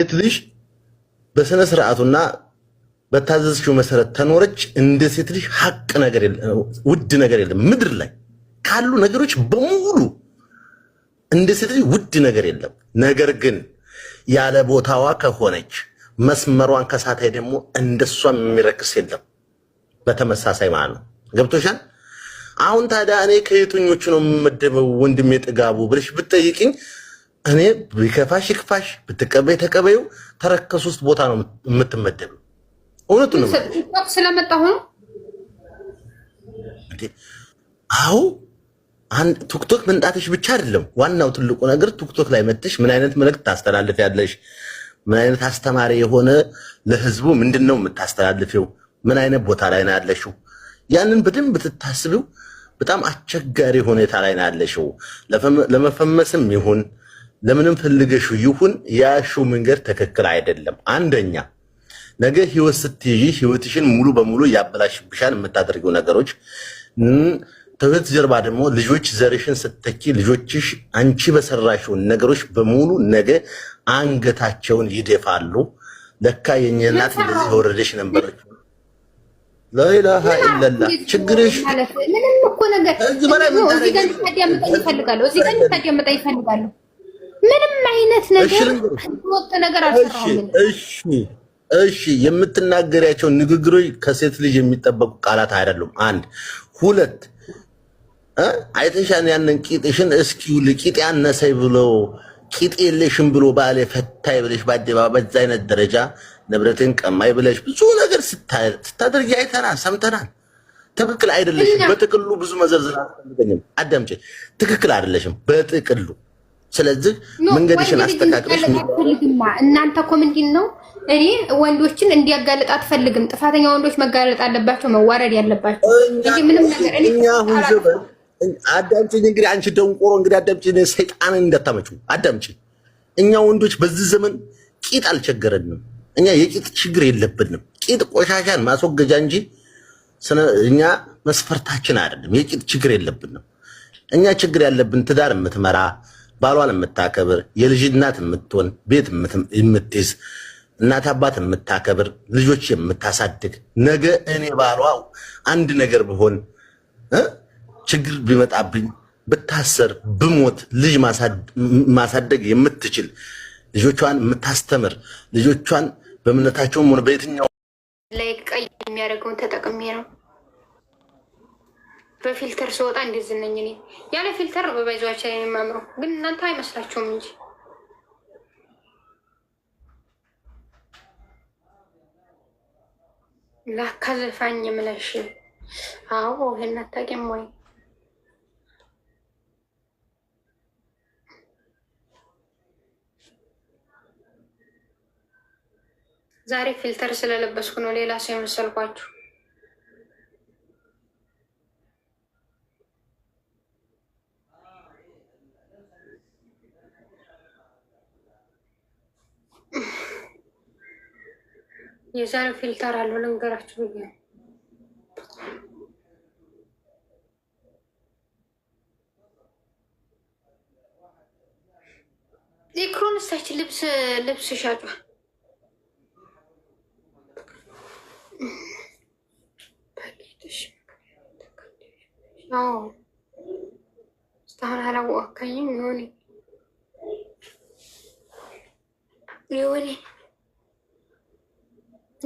ሴት ልጅ በስነ ስርዓቱና በታዘዝሽው መሰረት ተኖረች። እንደ ሴት ልጅ ሀቅ ነገር የለም፣ ውድ ነገር የለም። ምድር ላይ ካሉ ነገሮች በሙሉ እንደ ሴት ልጅ ውድ ነገር የለም። ነገር ግን ያለ ቦታዋ ከሆነች መስመሯን ከሳታይ ደግሞ እንደሷ የሚረክስ የለም። በተመሳሳይ ማለት ነው። ገብቶሻል? አሁን ታዲያ እኔ ከየትኞቹ ነው የምመደበው ወንድሜ ጥጋቡ ብለሽ ብትጠይቅኝ እኔ ቢከፋሽ ይክፋሽ፣ ብትቀበይ ተቀበዩ። ተረከሱ ውስጥ ቦታ ነው የምትመደብ። እውነቱ ነው ስለመጣሁ ነው። አዎ ቲክቶክ መምጣትሽ ብቻ አይደለም። ዋናው ትልቁ ነገር ቲክቶክ ላይ መጥተሽ ምን አይነት ታስተላልፍ ያለሽ፣ ምን አይነት አስተማሪ የሆነ ለህዝቡ ምንድን ነው የምታስተላልፊው? ምን አይነት ቦታ ላይ ነው ያለሽው? ያንን በደንብ ብትታስቢው፣ በጣም አስቸጋሪ ሁኔታ ላይ ነው ያለሽው። ለመፈመስም ይሁን ለምንም ፈልገሹ ይሁን ያሹ መንገድ ትክክል አይደለም። አንደኛ ነገ ህይወት ስትይ ህይወትሽን ሙሉ በሙሉ ያበላሽብሻል የምታደርጊው ነገሮች። ከህይወት ጀርባ ደግሞ ልጆች ዘርሽን ስትተኪ ልጆችሽ አንቺ በሰራሽውን ነገሮች በሙሉ ነገ አንገታቸውን ይደፋሉ። ለካ የኛናት እናት እንደዚህ የወረደሽ ነበረች። ላኢላሃ ኢለላህ ችግርሽ ምንም እኮ ነገር እዚህ ጋር ምን ታዲያ መጣ ይፈልጋለሁ እዚህ ጋር ታዲያ መጣ ይፈልጋለሁ ምንም አይነት ነገር ወጥ ነገር አልሰራሁም። እሺ እሺ፣ የምትናገሪያቸው ንግግሮች ከሴት ልጅ የሚጠበቁ ቃላት አይደሉም። አንድ ሁለት አይተሻን ያንን ቂጥሽን እስኪ ቂጥ ብሎ ቂጥ የለሽም ብሎ ባሌ ፈታይ ብለሽ በአደባባይ በዛ አይነት ደረጃ ንብረትን ቀማይ ብለሽ ብዙ ነገር ስታደርጊ አይተናል፣ ሰምተናል። ትክክል አይደለሽም። በጥቅሉ ብዙ መዘርዘር አልፈልገኝም። አዳምጪ፣ ትክክል አይደለሽም በጥቅሉ ብዙ መዘርዘር አዳምጪ ትክክል አይደለሽም በጥቅሉ ስለዚህ መንገድሽን አስተካክለሽ እናንተ እኮ ምንድን ነው እኔ ወንዶችን እንዲያጋልጥ አትፈልግም። ጥፋተኛ ወንዶች መጋለጥ አለባቸው፣ መዋረድ ያለባቸው እንጂ ምንም ነገር አዳምጪኝ። እንግዲህ አንቺ ደንቆሮ እንግዲህ አዳምጪኝ፣ ሰይጣንን እንዳታመጪው አዳምጪኝ። እኛ ወንዶች በዚህ ዘመን ቂጥ አልቸገረንም። እኛ የቂጥ ችግር የለብንም። ቂጥ ቆሻሻን ማስወገጃ እንጂ እኛ መስፈርታችን አይደለም። የቂጥ ችግር የለብንም። እኛ ችግር ያለብን ትዳር የምትመራ ባሏን የምታከብር የልጅ እናት የምትሆን ቤት የምትይዝ እናት አባት የምታከብር ልጆች የምታሳድግ ነገ እኔ ባሏ አንድ ነገር ብሆን ችግር ቢመጣብኝ ብታሰር ብሞት ልጅ ማሳደግ የምትችል ልጆቿን የምታስተምር ልጆቿን በእምነታቸውም ሆነ በየትኛው ላይ ቀይ የሚያደርገውን ተጠቅሜ ነው። በፊልተር ስወጣ እንደዚህ ነኝ እኔ። ያለ ፊልተር ነው በባይዘዋች ላይ የማምረው፣ ግን እናንተ አይመስላችሁም እንጂ ላካ ዘፋኝ ምለሽ። አዎ ይሄን አታውቂም ወይ? ዛሬ ፊልተር ስለለበስኩ ነው ሌላ ሰው የመሰልኳችሁ። የዛሬው ፊልተር አለው ልንገራችሁ ብዬ ኢክሮንስታችን ልብስ ልብስ ሻጯል። እስካሁን አላወቅከኝም። ይሆኔ ይሆኔ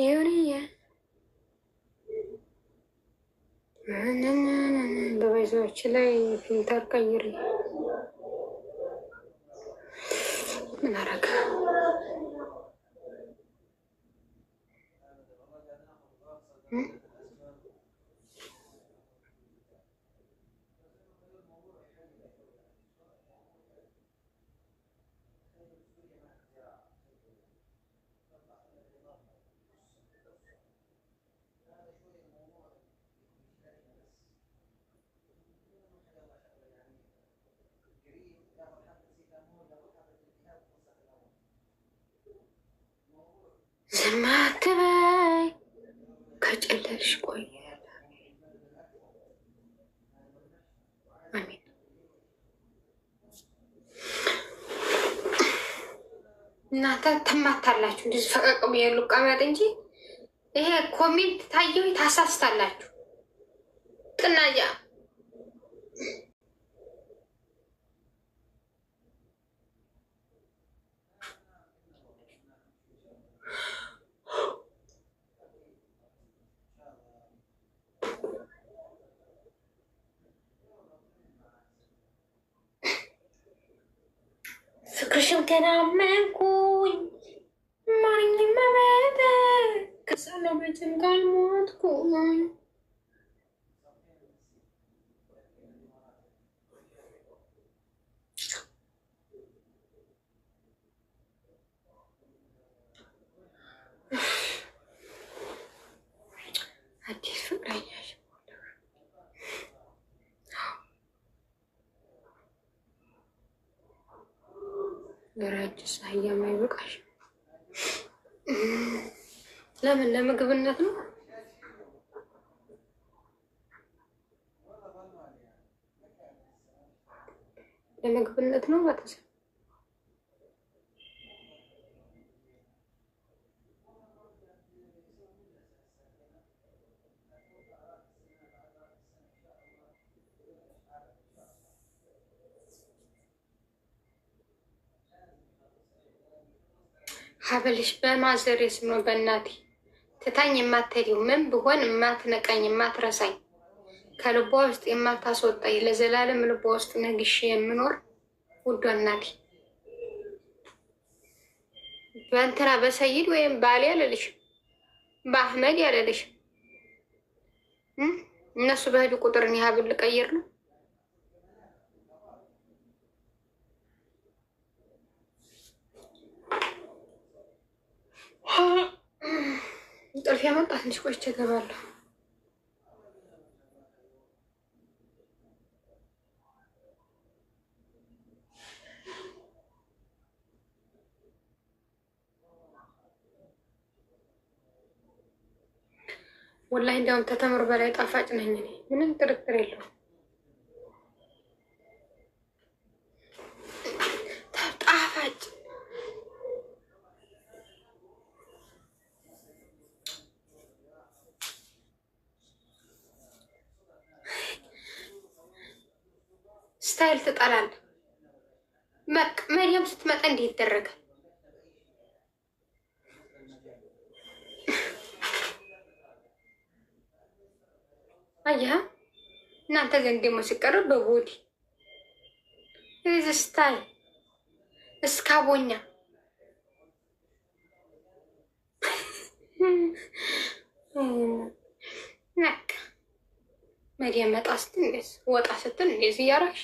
Юрия. በባይዛዎች ላይ ፊልተር ቀይር ምን አረገ? ዝም ከጨለልሽ ቆይ አሜን። እናንተ ትማታላችሁ። እንደዚህ እንጂ ይሄ ኮሜንት ታየው ታሳስታላችሁ ጥናያ ፍቅርሽም ተላመንኩኝ ማንኝም መበደ ከሰነበትም ጋር ሞትኩኝ አንቺን አህያም አይበቃሽ። ለምን ለምግብነት ነው። ለምግብነት ነው ማለት ነው። ካበልሽ በማዘር ስም ነው በእናቴ ትታኝ የማትሄደው ምን ብሆን የማትነቀኝ የማትረሳኝ ከልቧ ውስጥ የማታስወጣኝ ለዘላለም ልቧ ውስጥ ነግሼ የምኖር ውዷ እናቴ በእንትና በሰይድ ወይም ባሌ አልልሽም፣ በአህመድ ያለልሽ እነሱ በህድ ቁጥር እኔ ቀይር ነው። ጥልፍ ያመጣ ትንሽ ቆይቼ እገባለሁ። ወላሂ እንዲያውም ተተምር በላይ ጣፋጭ ነኝ እኔ፣ ምንም ጥርጥር የለውም። ሳይል ትጠላለ! መቅ መሪያም ስትመጣ እንዲህ ይደረጋል። አያ እናንተ ዘንድ ደግሞ ሲቀርብ በቦዲ ስታይ እስካቦኛ መሪያም መጣ ስትል ወጣ ስትል እንደዚህ እያራሽ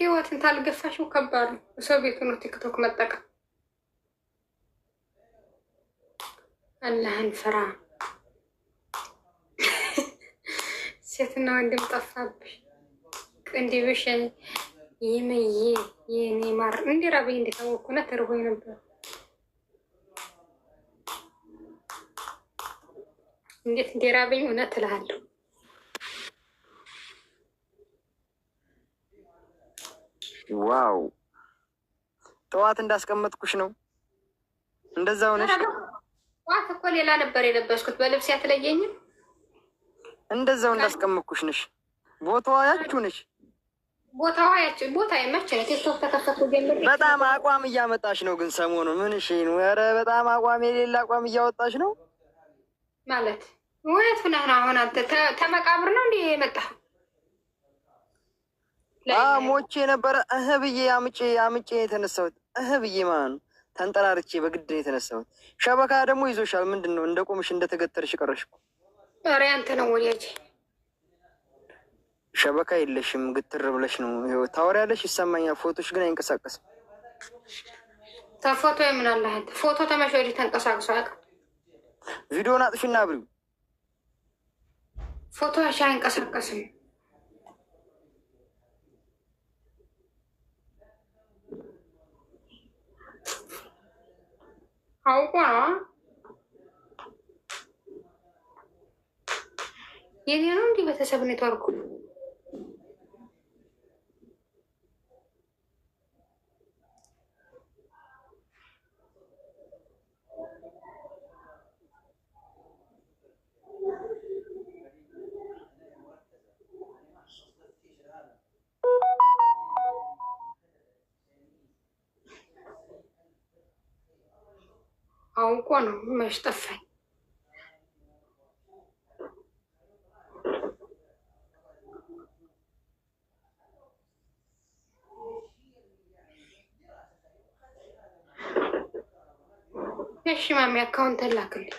ህይወትን ታልገፋሽው ከባድ ነው። ሰው ቤት ሆኖ ቲክቶክ መጠቀም አላህን ፍራ። ሴትና ወንድም ጠፋብሽ። ቅንድብሽ ይመዬ የኔ ማር እንዲ ራበኝ እንደታወኩነ ተርሆኝ ነበር። እንዴት እንዲራበኝ እውነት እልሃለሁ። ዋው ጠዋት እንዳስቀመጥኩሽ ነው። እንደዛ ሆነሽ ጠዋት እኮ ሌላ ነበር የለበስኩት። በልብስ ያትለየኝም እንደዛው እንዳስቀመጥኩሽ ነሽ። ቦታዋ ያችሁ ነሽ። ቦታዋ ያችሁ ቦታ የመች ነው? ቲክቶክ ተከፈቱ ጀምር። በጣም አቋም እያመጣሽ ነው ግን ሰሞኑ ምን እሺ ነው? ኧረ በጣም አቋም የሌለ አቋም እያወጣሽ ነው ማለት እውነት ሁነህ አሁን አንተ ተመቃብር ነው እንዴ የመጣህ? ሞቼ የነበረ እህ ብዬ አምጬ አምጬ የተነሳሁት እህ ብዬ ማለት ነው። ተንጠራርቼ በግድ የተነሳሁት። ሸበካ ደግሞ ይዞሻል። ምንድን ነው እንደ ቁምሽ እንደተገተርሽ ቀረሽ። ኧረ አንተ ነው ወዲያጅ ሸበካ የለሽም፣ ግትር ብለሽ ነው ታወሪያለሽ። ይሰማኛል። ፎቶሽ ግን አይንቀሳቀስም። ተፎቶ የምናለ ፎቶ ተመሽ ወዲህ ተንቀሳቅሶ አያውቅም። ቪዲዮን አጥፊና አብሪው። ፎቶ አይንቀሳቀስም። አዋ የኔ ነው እንዲህ ቤተሰብ ኔትወርኩ አሁን እኮ ነው መች ጠፋኝ። እሺ ማሚ አካውንት ላክልኝ።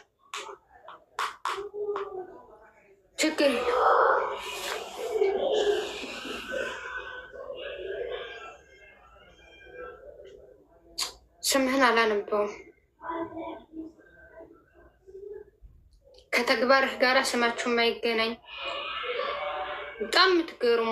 ችግር ስምህን አላነበውም። ከተግባርህ ጋር ስማችሁ የማይገናኝ በጣም የምትገርሙ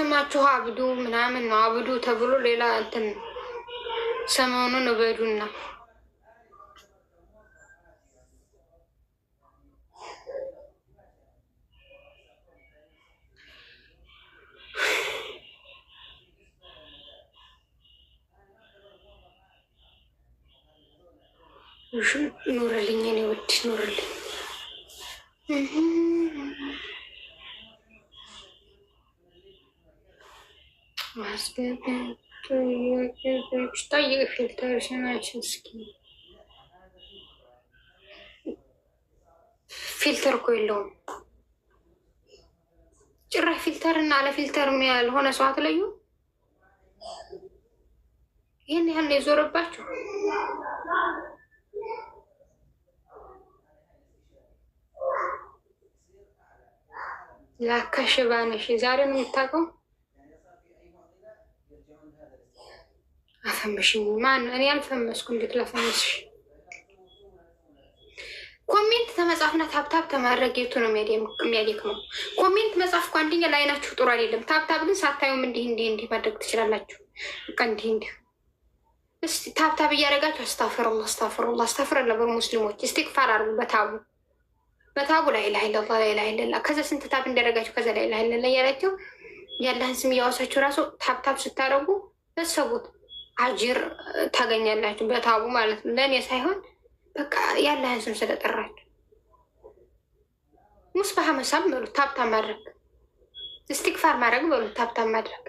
ስማችሁ አብዱ ምናምን ነው። አብዱ ተብሎ ሌላ እንትን ሰሞኑን እበዱና ኑረልኝ፣ እኔ ውድ ኑርልኝ። Читай фильтр ሲናችንስኪ ፊልተር እኮ የለውም ጭራሽ። ፊልተር እና ያልሆነ ሰው አትለዩ። ይህን ያህል የዞረባቸው። ላከሽ ባነሽ ዛሬ ነው የምታውቀው አፈመሽኝ። ማን እኔ አልፈመስኩ። እንዴት ላፈመስሽ? ኮሜንት ተመጻፍና ታብታብ ተማድረግ የቱ ነው ነው? ኮሜንት መጻፍ እኮ አንደኛ ለአይናችሁ ጥሩ አይደለም። ታብታብ ግን ሳታዩም እንዲህ እንዲህ እንዲህ ማድረግ ትችላላችሁ። በቃ እንዲህ እንዲህ እስቲ ታብታብ እያደረጋችሁ አስታፍርላ አስታፍርላ አስታፍርላ ሙስሊሞች እስቲግፋር አርጉ በታቡ በታቡ ላይ ላ ላ ላ ላ ከዛ ስንት ታብ እንዳደረጋችሁ ከዛ ላይ ላ ላ እያላችሁ ያለህን ስም እያወሳችሁ ራሱ ታብታብ ስታደረጉ በሰቡት አጅር ታገኛላችሁ። በታቡ ማለት ነው። ለእኔ ሳይሆን በቃ ያለህን ስም ስለጠራችሁ ሙስ በሀመሳብ በሉት፣ ታብታ ማድረግ፣ እስቲክፋር ማድረግ በሉት፣ ታብታ ማድረግ